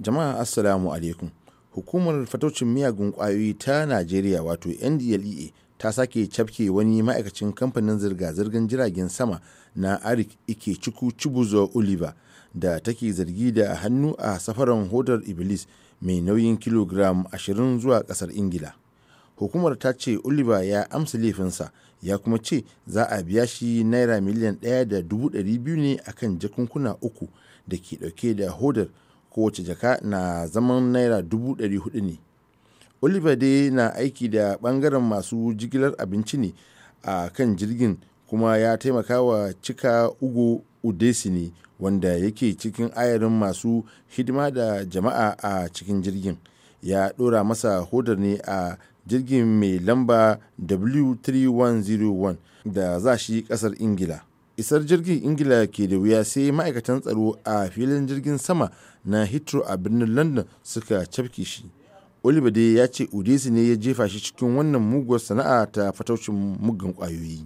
Jama'a Assalamu alaikum. Hukumar fatocin miyagun kwayoyi ta Najeriya wato NDLEA ta sake cafke wani ma'aikacin kamfanin zirga-zirgar jiragen sama na Arik Ike Ciku Cibuzo Oliver da take zargi da hannu a safaran hodar Iblis mai nauyin kilogram 20 zuwa kasar Ingila. Hukumar ta ce Oliver ya amsa laifinsa ya kuma ce za a biya shi naira miliyan ɗaya da dubu ɗari ne akan jakunkuna uku da ke dauke da hodar kowace jaka na zaman naira dubu ɗari hudu ne oliver dai na aiki da bangaren masu jigilar abinci ne a kan jirgin kuma ya taimaka wa cika ugo udesi ne wanda yake cikin ayarin masu hidima da jama'a a cikin jirgin ya ɗora masa hodar ne a jirgin mai lamba w3101 da za shi kasar ingila isar jirgin ingila ke da wuya sai ma'aikatan tsaro a filin jirgin sama na hitro a birnin london suka cafke shi olibade ya ce udesi ne ya jefa shi cikin wannan muguwar sana'a ta fataucin muggan kwayoyi